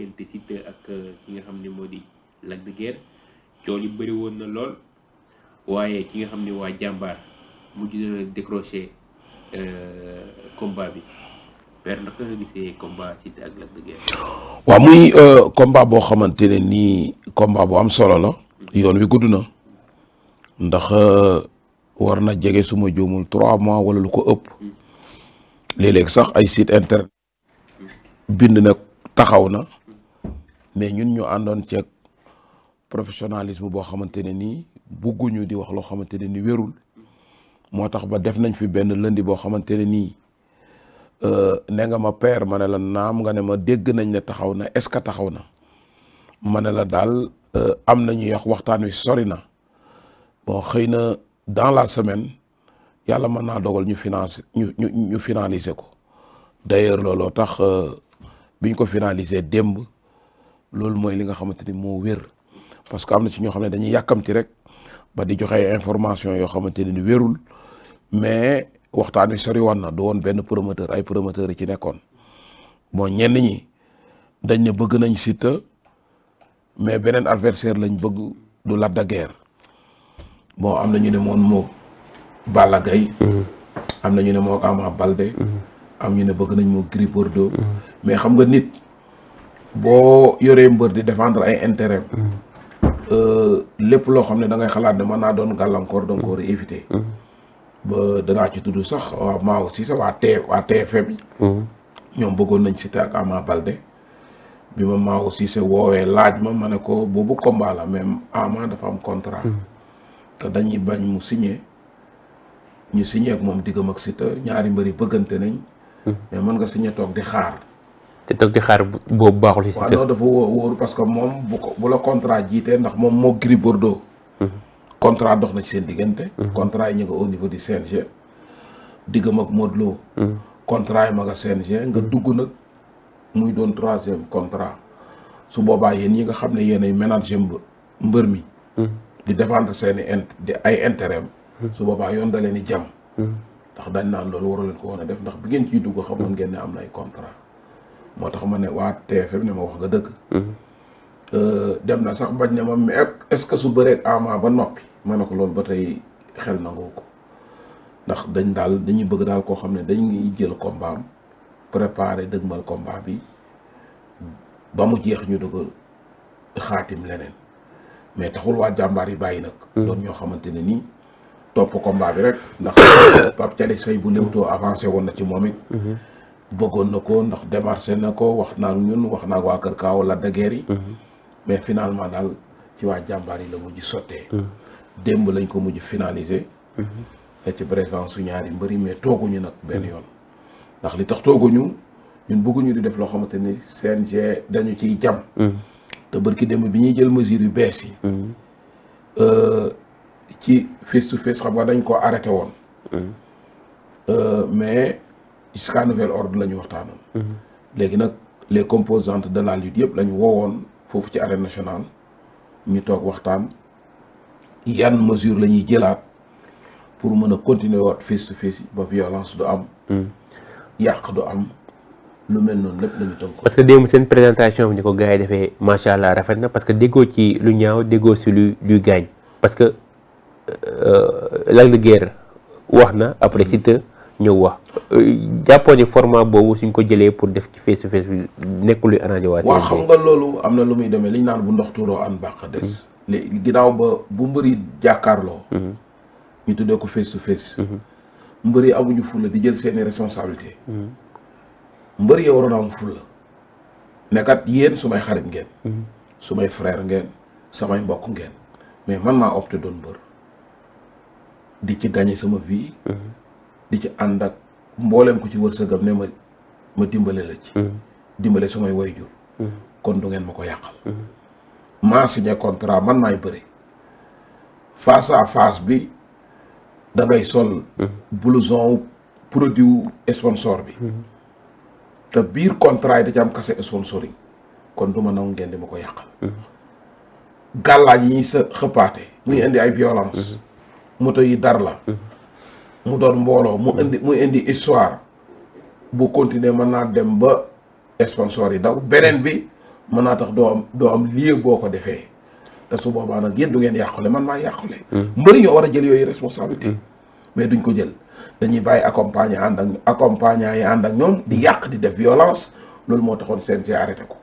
diggante Siteu ak euh, ki nga xam ne moo di Lac de Guiers coow bëri woon na lool waaye ki nga xam ne waa jàmbaar mujj na décrocher euh, combat bi père ak Lac muy euh, combat boo xamante ne nii combat bu am solo la. yoon wi gudd na. ndax war na jege suma juumul trois mois wala lu ko ëpp. léeg sax ay site internet bind na taxaw na mais ñun ñu àndoon ceeg professionnalisme boo xamante ne nii bugguñu di wax loo xamante ne ni wérul moo tax ba def nañ fi benn lëndi boo xamante ne nii euh, ne nga ma père ma ne la naam nga ne ma dégg nañ ne taxaw na est-ce que taxaw na ma ne la daal euh, am na ñuy wax waxtaan wi sori na bon xëy na dans la semaine yàlla mën naa dogal ñu finance ñu ñu finaliser ko d'ailleurs looloo tax euh, biñ ko finaliser démb. loolu mooy li nga xamante ni moo wér parce que am na si ñoo xam ne dañu yàkkamti rek ba di joxe information yoo xamante ni wérul mais waxtaan wi sori woon na du woon benn promoteur ay promoteur yi ci nekkoon bon ñenn ñi dañ ne bëgg nañ Siteu mais beneen adversaire lañ bëgg du Lac de Guiers bon am na ñu ne moon moo Balla Gaye mm-hmm. am na ñu ne moo Ama Baldé mm-hmm. am ñu ne bëgg nañ moo Gris Bordeaux mm-hmm. mais xam nga nit boo yoree mbër di defendre ay intérêt mm. euh, lépp loo xam ne da ngay xalaat ne mën naa doon gàllankoor da nga mm. ko war a éviter. Mm. ba danaa ci tudd sax waa maa aussi waa T waa TFM bi ñoom bëggoon nañ Siteu ak Ama Baldé bi ma maa aussi se woowee laaj ma ma ne ko boobu combat la même Ama dafa am contrat te dañuy bañ mu signé ñu signé moom diggam ak Siteu ñaari mbër yi bëggante nañ mais mën nga signé toog di xaar te toog di xaar boobu baaxul. si waaw non dafa wóor parce que moom bu ko bu la contrat jiitee ndax moom moo Gris Bordeaux. Mm-hmm. contrat dox na ci seen diggante. Mm-hmm. contrat yi ko au niveau du CNG. diggam ak Modou Lo. Mm-hmm. contrat yi ma nga dugg nag muy doon troisième contrat su boobaa yéen ñi nga xam ne yéen ay ménager mbër mi. di défendre seen i int di ay intérêt su boobaa yoon da leen di jàmm. ndax dañ naan loolu waru leen ko woon def ndax bi ngeen ciy dugg xamoon ngeen ne am na ay contrat. moo tax ma ne waa TFM ne ma wax nga dëgg. Mhm. Euh, dem na sax bañ ne ma mais est-ce que su bëreeg Ama ba noppi ma ne ko loolu ba tey xel nangoo ko ndax dañ daal dañuy bëgg daal koo xam ne dañuy jël combat am préparer dëgmal combat bi ba mu jeex ñu dëgg xaatim leneen mais taxul waa jàmbaar yi bàyyi nag. Mhm. doon ñoo xamante ne nii. topp kombaa bi rek ndax Pape Thialis Faye bu Leewtoo avancé woon na ci moom it. Mhm. bëggoon na ko ndax démarché na ko wax naa ñun wax naa waa Kër Kaaw la dageer yi. Mhm. mais finalement daal ci waa jàmbaar yi la mujj sottee. Mhm. démb lañ ko mujj finaliser. Mhm. ci présence su ñaari mbëri mais tooguñu nag benn yoon. ndax li tax tooguñu ñun bëgguñu di def loo xamante ni g dañu ciy jam. te ki démb bi ñuy jël mesure yu bees yi. Euh, ci face to face xam nga dañ ko arrêté woon. Euh, mais. jusqu'à nouvel ordre la ñu waxtaanoon. Mhm. léegi nag les composantes de la lutte yëpp lañu ñu woowoon foofu ci arène nationale ñu toog waxtaan yan mesure la ñuy jëlaat pour mën a continuer waat face to face ba violence du am. Mhm. yàq du am. lu mel noonu lépp lañu tënk parce que démb seen présentation bi ni ko gars defee macha allah rafet na parce que déggoo ci lu ñaaw déggoo si lu luy gaañ parce que euh, Lac de Guiers wax na après Siteu ñëw wax euh, jàppoo ne format boobu suñ ko jëlee pour def ci face to face bi nekkul luy arrangé waa. waaw xam nga loolu am na lu muy demee li ñu naan bu ndox tuuroo an bàq des. Mm-hmm. léegi ginnaaw ba bu mbëri jàkkaarloo. Mm-hmm. tuddee ko face to face. Mm-hmm. mbëri amuñu fulla di jël seeni responsabilité mbëri yow waroon am fulla nekkat yéen su may xarit ngeen su may frère ngeen samay mbokk ngeen mais man maa opté doon mbër di ci gagné sama vie di ci ànd ak mbooleem ku ci wërsëgam ne ma ma dimbale la ci mm-hmm. dimbale samay wayjur mm-hmm. kon du ngeen ma ko yàqal si mm-hmm. signé contrat man maay bëri face à face bi dangay ngay sol blouson produit sponsor bi te biir contrat yi da ci am kase sponsoring kon du ma nangu ngeen di ma ko yàqal gàllaaj yi ñuy sa xëppaate ñu indi ay violence moto yi dar la mu doon mbooloo mu indi mu indi histoire bu continuer mën naa dem ba sponsor yi daw beneen bi mën naa tax doo am doo am lieu boo ko defee te su boobaa nag yéen du ngeen yàqule man maa yàqule hmm. mbëri ñoo war a jël yooyu responsabilité hmm. mais duñ ko jël dañuy bàyyi accompagner ànd ak accompagnant yi ànd ak ñoom di yàq di def violence loolu moo taxoon CNG arrêté ko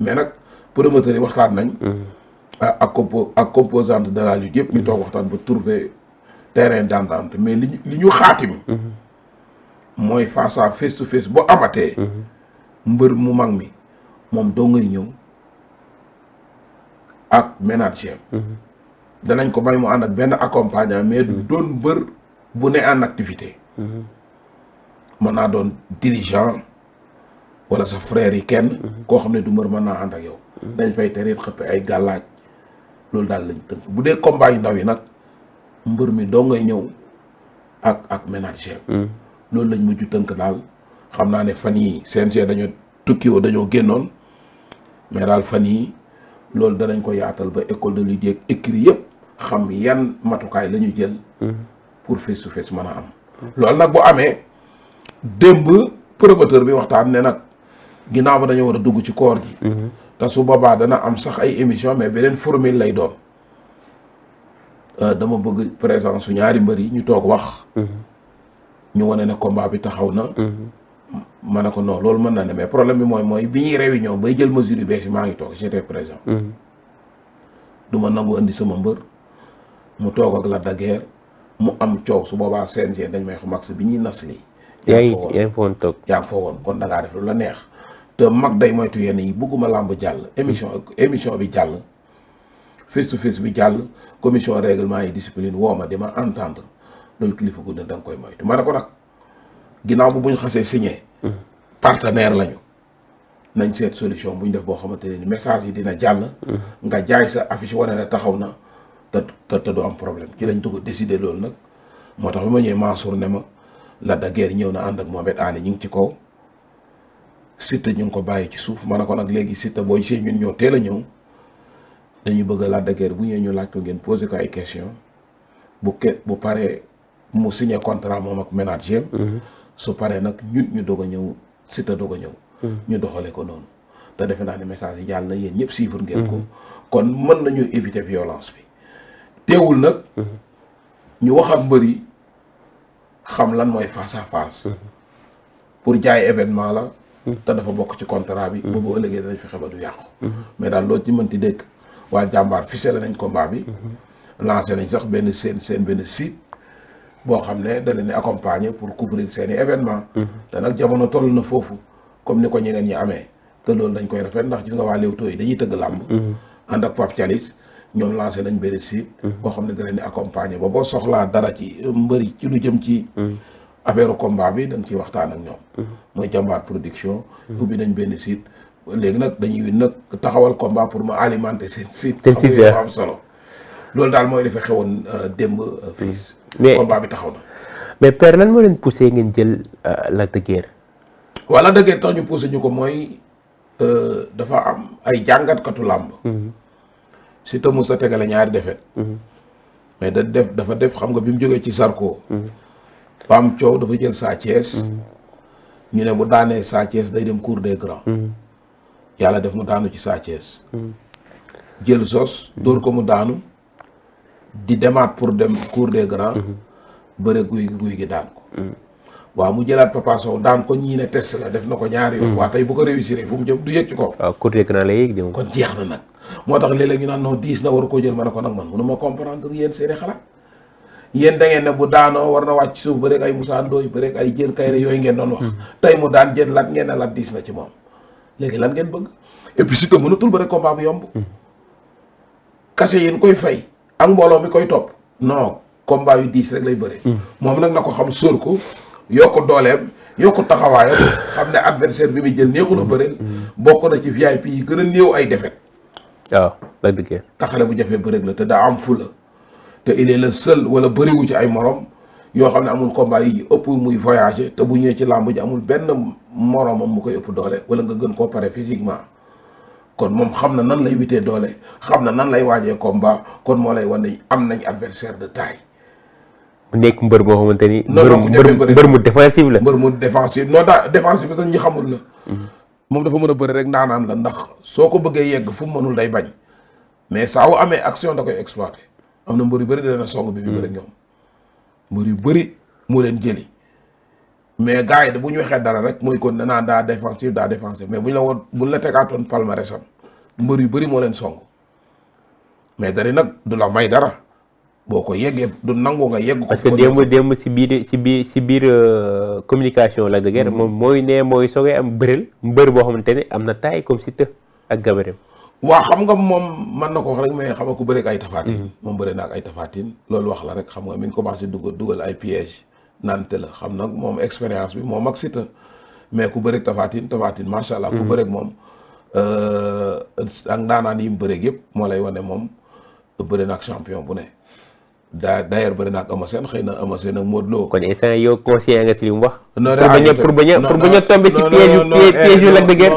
mais nag promoteurs yi waxtaan nañ hmm. ak compo ak composante de la lutte yëpp ñu toog waxtaan ba trouver terrain d'entente mais li li ñu xaatim mooy face à face to face boo amatee mbër mu mag mi moom doo ngay ñëw ak ménager danañ ko bàyyi mu ànd ak benn accompagnant mais du doon mbër bu ne en activité mën naa doon dirigeant wala sa frère yi kenn koo xam ne du mbër mën naa ànd ak yow dañ fay tereet xëppe ay gàllaaj loolu daal lañ tënk bu dee combat ndaw yi nag mbër mi doo ngay ñëw ak ak ménager hmm. loolu lañ mujj tënk daal xam naa ne fan yi CNG dañoo tukki woo dañoo génnoon mais daal fan yi loolu danañ ko yaatal ba école de lutte ak écrit yëpp xam yan matukaay la ñu jël hmm. pour face to face mën a am loolu nag bu amee démb promoteur bi waxtaan ne nag ginnaaw ba dañoo war a dugg ci koor gi hmm. te su boobaa dana am sax ay émission mais beneen formule lay doon Euh, dama bëgg présence su ñaari mbër yi ñu toog wax. Mhm. ñu wane ne combat bi taxaw na. Mhm. ma ne ko noox loolu mën naa ne mais problème bi mooy mooy bi ñuy réunion bay jël mesure yu bees yi maa ngi toog j'étais présent. Mhm. du ma nangu indi sama mbër mu toog ak la daguerre mu am coow su boobaa CNG dañ may xam max bi ñuy nas lii. yaa ngi fa woon toog yaa ngi fa woon kon da ngaa def lu la neex. te mag day moytu yenn yi bëgguma làmb jàll émission émission bi jàll. face to face bi jàll commission règlement et discipline woo ma di ma entendre loolu kilifa gudd na da nga koy moytu ma ne ko nag ginnaaw bu buñ xasee signé. Hmm. partenaire lañu. nañ seet solution bu ñu def boo xamante ne ni message yi dina jàll. Hmm. nga jaay sa affiche wane ne taxaw na te te du am problème ci lañ dugg décider loolu nag moo tax ma ma ñëwee Mansour ne ma la da ñëw na ànd ak Mohamed Aane ñu ngi ci kaw. Siteu ñu ngi ko bàyyi ci suuf ma ne ko nag léegi Siteu boo gisee ñun ñoo teel a ñëw. dañu bëgg Lac de bu ñëwee ñu laaj ko ngeen posé ko ay question bu ke bu paree mu signé contrat moom ak manager mhm. su paree nag ñun ñu doog a ñëw Siteu doog a ñëw mhm. ñu doxale ko noonu te defe naa ne message yi jàll na yéen ñëpp suivre ngeen ko mhm. kon mën nañu éviter violence bi teewul nag ñu wax ak xam lan mooy face à face pour jaay événement la te dafa bokk ci contrat bi boobu ëllëgee danañ fexe ba du yàqu mais daal loo ci mënti dégg waa jàmbaar ficelé nañ combat bi. Mhm. lancé nañ sax benn seen seen benn site. boo xam ne da leen di accompagner pour couvrir seen i événement mhm. te nag jamono toll na foofu comme ni ko ñeneen ñi amee. te loolu dañ koy rafet ndax gis nga waa Leewtoo yi dañuy tëgg làmb. Mhm. ànd ak Pape calis ñoom lancé nañ benn site. boo xam ne da leen di accompagner ba boo soxlaa dara ci euh, mbëri ci lu jëm ci. affaire combat bi dañ ciy waxtaan ak ñoom. mooy jàmbaar production. ubbi nañ benn site léegi nag dañuy nag taxawal combat pour ma alimenter seen site. seen am solo. loolu daal mooy dafa xewoon euh, démb euh, mm. fii. mais combat bi taxaw na. mais père lan moo leen poussé ngeen jël euh, Lac de Guiers. waaw Lac de ñu poussé ko mooy dafa am ay jàngatkatu làmb. Mm-hmm. surtout Moussa tegale ñaari defet mm-hmm. da def dafa def xam nga bi mu jógee ci Sarko. am Coow dafa jël Sa mm-hmm. ñu ne bu daanee Sa day dem cour des grands. yàlla def mu daanu ci saa Thiès jël sos dóor ko mu daanu di demaat pour dem cour de grands bëre guy guy gi daan ko waaw mu jëlaat Papa Sow daan ko ñii test la def na ko ñaari yoon waa tey bu ko réussir fu mu jëm du yëg ci kaw waaw cour des grands la yëg jëm kon jeex na nag moo tax léeg-léeg naan non diis na war koo jël ma ne ko nag man mënu ma comprendre yéen seeni xalaat yeen da ngeen ne bu daanoo war na wàcc suuf ba rek ay Moussa Ndoye ba rek ay jën kayre yooyu ngeen doon wax hmm. mu daan jël lat ngeen ne lat diis na léegi lan ngeen bëgg et puis mënatul bëre combat bu yomb. kase yéen koy fay ak mbooloo mi koy topp non combat yu diis rek lay bëre. Hmm. moom nag na ko xam sóor ko yokk dooleem yokk taxawaayam xam ne adversaire bi muy jël neexul a bëre. Hmm. Hmm. bokk na ci VIP yi gën a néew ay défaite. waaw la duggee. taxale bu jafee bëre la te daa am fula te il est sël seul wala bëriwu ci ay morom yoo xam ne amul combat yi ëpp muy voyager te bu ñëwee ci làmb ji amul benn. moroomam mu koy ëpp doole wala nga gën koo pare physiquement kon moom xam na nan lay witee doole xam na nan lay waajee ba kon moo lay wan ne am nañ adversaire de taille. mu nekk mbër moo xamante ni. mbër mu défensif la. mbër mu défensif non daa défensif bi sax ñi xamul na mhm. moom dafa mën a bëri rek naan la ndax soo ko bëggee yegg fu mu mënul day bañ mais saa wu amee action da koy exploité am na mbër yu bëri dina song bi. bi bëri mhm. ñoom mbër yu bëri moo leen jëli. mais gars yi de bu ñu waxee dara rek mooy kon danaa daa défensif daa défensif mais bu ñu la woon bu la tegaatoon palmarèsam mbër yu bëri moo leen song mais dari nag du la may dara boo ko yeggee du nangu nga yegg ko. que démb si biir si biir si biir euh, communication la dëgg mm. moom mooy nee mooy soogay am bëril mbër boo xamante ne am na taay comme si të ak gabareem. waaw xam nga moom mën na ko wax rek mais xam nga ku bëreeg ay tafaatin. Mm. moom bëri na ak ay tafaatin loolu wax la rek xam nga mi ngi commencé dugal dugal ay piège nante la xam nag moom expérience bi moom ak Siteu mais ku bëreeg Tafatine Tafatine macha allah. ku mm-hmm. bëreeg moom euh, ak ndaanaan yi mu bëreeg yëpp moo lay wane moom bëri na ak champion bu ne. daa d'ailleurs bëri na ak Ama Sène xëy na Ama Sène ak Modou Lo. kon instant yow conseiller nga si li mu wax. pour bañ a pour bañ a tombé si piège yu piège yu Lac de Guiers.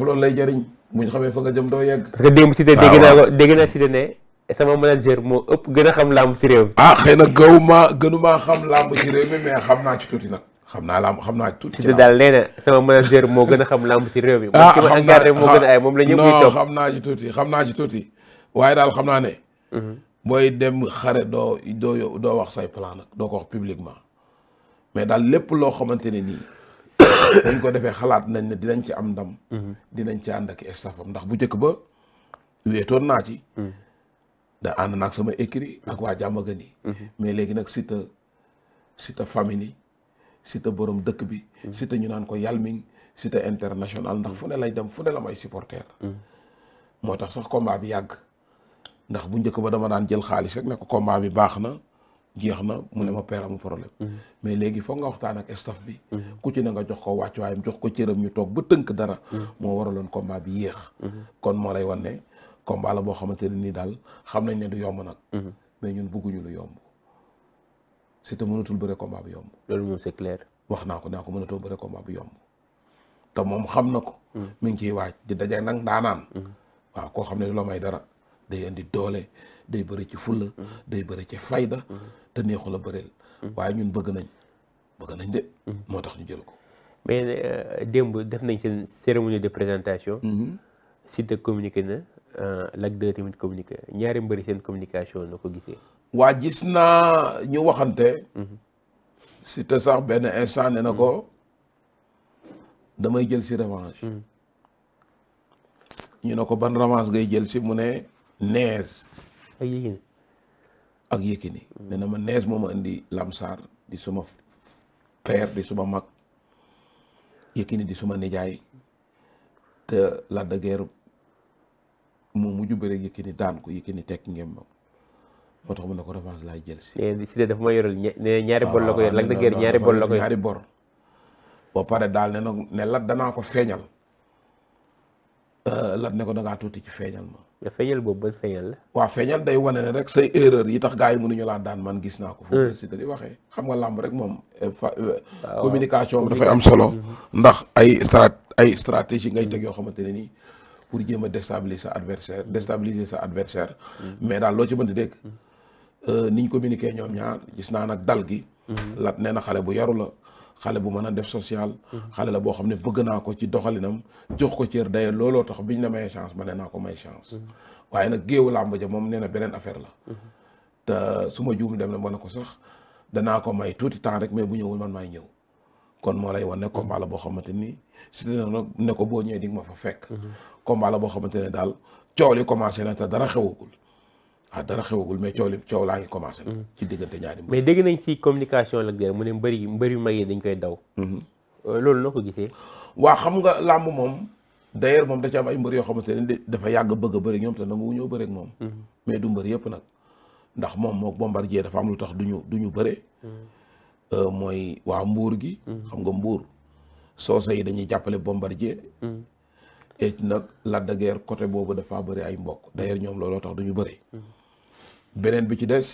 loolu lay jëriñ bu ñu xamee fa nga jëm doo yegg. parce que dégg ah, naa ko dégg naa si ne. sama manager moo ëpp gën a xam làmb ci réew mi. ah na gaw maa gënumaa xam làmb ci mais xam naa ci tuuti nag xam naa làmb xam naa ci tuuti. ci daal nee na moo gën a xam làmb ci réew mi. ah xam naa moom ci ma moo la ñëpp muy topp xam naa ci tuuti xam naa ci tuuti waaye daal xam naa ne. Mhm. booy dem xare doo doo wax say plan nag doo ko wax publiquement mais daal lépp loo xamante ne nii. dañ ko defee xalaat nañ ne dinañ ci am ndam. Mhm. dinañ ci ànd ak staff ndax bu njëkk ba wéetoon naa ci. Mhm. da ànd naag sama écrit ak waa Jàmmagën yi mhm. mais léegi nag Siteu Siteu famille Siteu borom dëkk bi mhm. Siteu ñu naan ko Yalming Siteu international ndax fu ne lay dem fu ne la may supporter mhm. moo tax sax combat bi yàgg ndax bu njëkk ba dama daan jël xaalis rek ne ko combat bi baax na jeex na mu ne ma père amul problème mais léegi foog nga waxtaan ak staff bi ku ci na nga jox ko wàccuwaayam jox ko cëram ñu toog ba tënk dara moo waraloon combat bi yéex kon moo lay wan ne combat la boo xamante ne nii daal xam nañ ne du yomb nag. Mhm. mais ñun bëgguñu lu yomb. Siteu mënatul bëre combat bu yomb. loolu moom c'est clair. wax naa ko naa ko mënatoo bëre combat bu yomb. te moom xam na ko. Mhm. mi ngi ciy waaj di daje nag daanaan. Mhm. waaw koo xam ne du la may dara. day indi doole day bëri ci fulla day bëri ci fayda te neexu la bëreel waaye ñun bëgg nañ bëgg nañ de moo tax ñu jël ko mais euh, démb def nañ seen cérémonie de présentation Siteu communiqué Euh, Lac 2 tamit communiqué ñaari mbëri seen communication ko gisee. waa gis naa ñu waxante. Mhm. si te sax benn instant ne na ko damay jël si revanche. Mhm. ñu ne ko ban revanche ngay jël si mu ne nees. ak Yékini. ak Yékini mhm. ne na ma nees moo ma indi lamsaar di suma père di suma mag Yékini di suma nijaay te Lac de Guiers moo mujj bëre Yékini daan ko Yékini tekk ngeen moom moo tax mun na ko revanche laay jël si. nee si dafa ma yoral ñaari bor la ko yor. waaw ah, waaw ñaari bor la ko yor ñaari bor. pare daal ne nag ne lat danaa ko feeñal euh, lat ne ko dangaa tuuti ci feeñal ma. feeñal boobu ba feeñal la. waaw feeñal day wane ne rek say erreur yi tax gars yi mënuñu laa daan man gis naa ko. foofu hmm. si di waxee xam nga làmb rek moom. Euh, euh, communication dafay am solo. Hmm. ndax ay strat ay stratégie ngay teg yoo xamante ne nii. pour jéem a déstabiliser sa adversaire mm. déstabiliser sa adversaire mm. mais daal loo ci mën di dégg mm. euh, niñ communiqué ñoom ñaar gis naa nag dal gi mm-hmm. lat nee na xale bu yaru la xale bu mën a def social mm-hmm. xale la boo xam ne bëgg naa ko ci doxalinam jox ko cër daye looloo tax ñu ne mayee chance ma ne naa ko may chance mm-hmm. waaye nag géewu làmb ja moom nee na beneen affaire la te su ma juum dem na mën na ko sax danaa ko may tuuti temps rek mais bu ñëwul man maay ñëw kon moo lay wan ne combat la boo xamante ni si ne nag ne ko boo ñëwee di nga ma fa fekk. Mhm. combat boo xamante ne daal coow li commencé na te dara xewagul ah dara xewagul mais coow li coow laa ngi commencé. Mhm. ci diggante ñaari mbër. mais dégg nañ si communication la ak mu ne mbër yi mbër yu mag yi dañ koy daw. Mhm. Euh, loolu noo ko gisee. waa xam nga làmb moom. d'ailleurs moom da ci am ay mbër yoo xamante ne dafa yàgg bëgg a bëri ñoom te nangu ñëw bëri ak moom. mais du mbër yëpp nag ndax moom moo moog jee dafa am lu tax du ñu du ñu bëre. Euh, mooy waa mbuur gi. Mm-hmm. xam nga mbuur soose yi dañuy jàppale bombardier. Mm-hmm. et nag la de Guiers côté boobu dafa bëri ay mbokk d'ailleurs ñoom looloo tax du ñu mm-hmm. beneen bi ci des.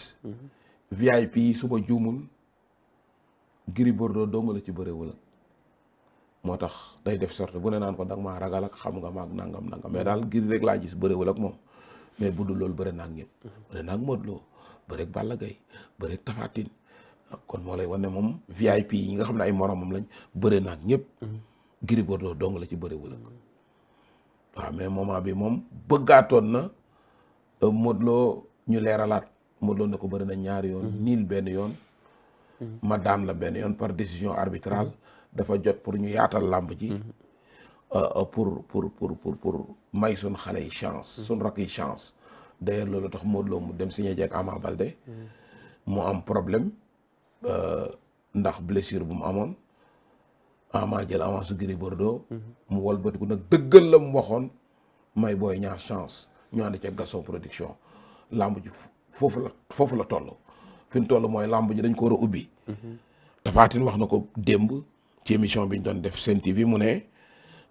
VIP yi su ma juumul Gris Bordeaux dong la ci bëriwul ak moo tax day def sorte bu ne naan ko danga maa ragal ak xam nga maag nangam nangam mais daal Gris rek laa gis bëriwul ak moom mais budul loolu bëri naa ak ñëpp. bëri naa ak Modou ak Balla Gaye bëri ak Tapha kon moo lay wan ne moom VIP yi nga xam ne ay moroomam lañ bëre naag ñëpp. Mhm. Gris Bordeaux dong la ci bëre wala. waaw mais moment bi moom bëggaatoon na euh, Modou Lo ñu leeralaat Modou Lo ne ko bëri na ñaari yoon. Mhm. niil benn yoon. Mhm. ma daan la benn yoon par décision arbitrale. dafa jot pour ñu yaatal làmb ji. Euh, euh, pour pour pour pour pour may suñ xale yi chance. suñ rakk yi chance. d'ailleurs loolu tax Modou mu dem signé jeeg Ama Balde. mu am problème. Euh, ndax blessure bu mu amoon ama jël avance su Gris Bordeaux mhm. mu walbatiku nag dëggal la mu waxoon may booy ñaar chance ñu ànd ca Gaston production làmb ji foofu la foofu la toll fi mu toll mooy làmb ji dañ ko war a ubbi mhm. Tapha wax na ko démb ci émission bi ñu doon def Sen TV mu ne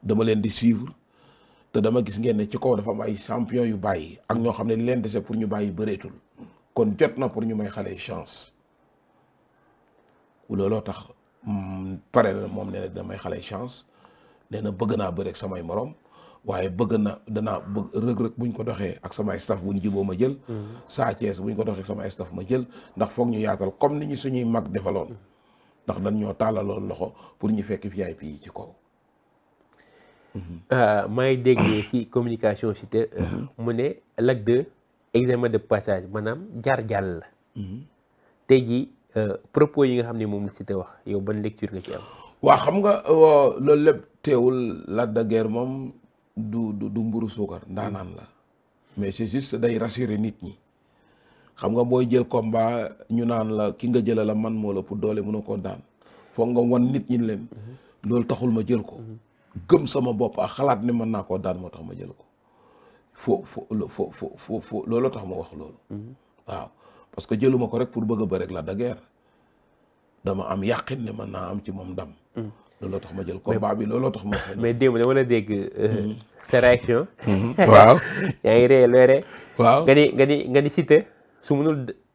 dama leen di suivre te dama gis ngeen ne ci kaw dafa am ay champion yu bàyyi ak ñoo xam ne leen dese pour ñu bàyyi bëreetul kon jot na pour ñu may xale yi chance looloo tax hmm, pare na moom nee na damay xale chance nee na bëgg naa bëre ak samay morom waaye bëgg na danaa bëgg rëg-rëg buñ ko doxee ak samay staff buñ jiboo ma jël hmm. Sa Thiès buñ ko doxee ak samay staff ma jël ndax foog ñu yaatal comme ni ñu suñuy mag defaloon hmm. ndax dan ñoo tàllaloon loxo pour ñu fekk VIP yi ci kaw euh, may dégg ci communication si te euh, mu ne Lac 2 examen de passage maanaam jaar jàll la tey jii propos yi nga xam ne moom la Siteu wax yow ban lecture nga ci am. waaw xam nga loolu lépp teewul Lac de moom du du du mburu suukar ndaanaan la mais c'est juste day rassurer nit ñi xam nga booy jël combat ñu naan la ki nga jëla la man moo la pour doole mën a koo daan foo nga wan nit ñi leen. Mhm. loolu taxul ma jël ko. Mhm. gëm sama boppa xalaat ne mën naa koo daan moo tax ma jël ko foo foo foo foo tax ma wax loolu. Mhm. waaw parce que jëluma ko rek pour bëgg a bëri la de dama am yàqin ne mën naa am ci moom ndam. Hmm. looloo tax ma jël combat bi looloo tax ma. mais démb dama la dégg. Euh, hmm. sa réaction. Hmm. waaw. yaa ngi ree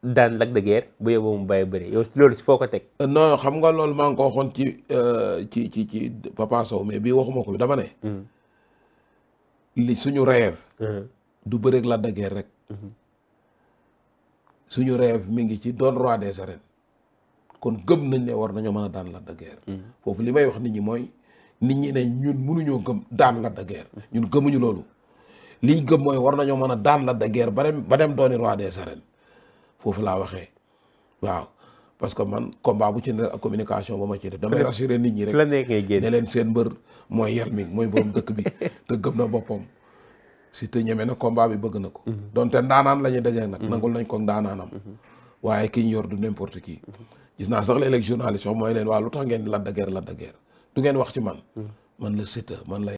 daan Lac de Guiers mu bàyyi bëri yow loolu si foo ko teg. Euh, non xam nga loolu maa ngi ko waxoon ci euh, ci ci ci Papa Sow mais bii waxuma ko dama ne. li suñu rêve. du bëreeg Lac de rek. suñu rêve mi ngi ci doon roi des arènes kon gëm nañ ne war nañoo mën a daan Lac de mm. foofu li may wax nit ñi mooy nit ñi ne ñun mënuñoo gëm daan Lac de ñun gëmuñu loolu liñ gëm mooy war nañoo mën a daan Lac de ba dem ba dem dooni roi des arènes foofu laa waxee waaw parce que man combat bu ci ne communication ba ma ci def damay rassurer nit ñi rek ne leen seen mbër mooy Yelming mooy borom dëkk bi te gëm na boppam Siteu ñeme na combat bi bëgg na ko. Mhm. donte ndaanaan la ñuy dajee nag. Mhm. nangul nañ ko ndaanaanam. Mhm. waaye ki ñu yor du n'importe qui. gis naa sax léeg-léeg mooy leen waa lu tax ngeen Lac de Guiers Lac du ngeen wax ci man. man la Siteu man la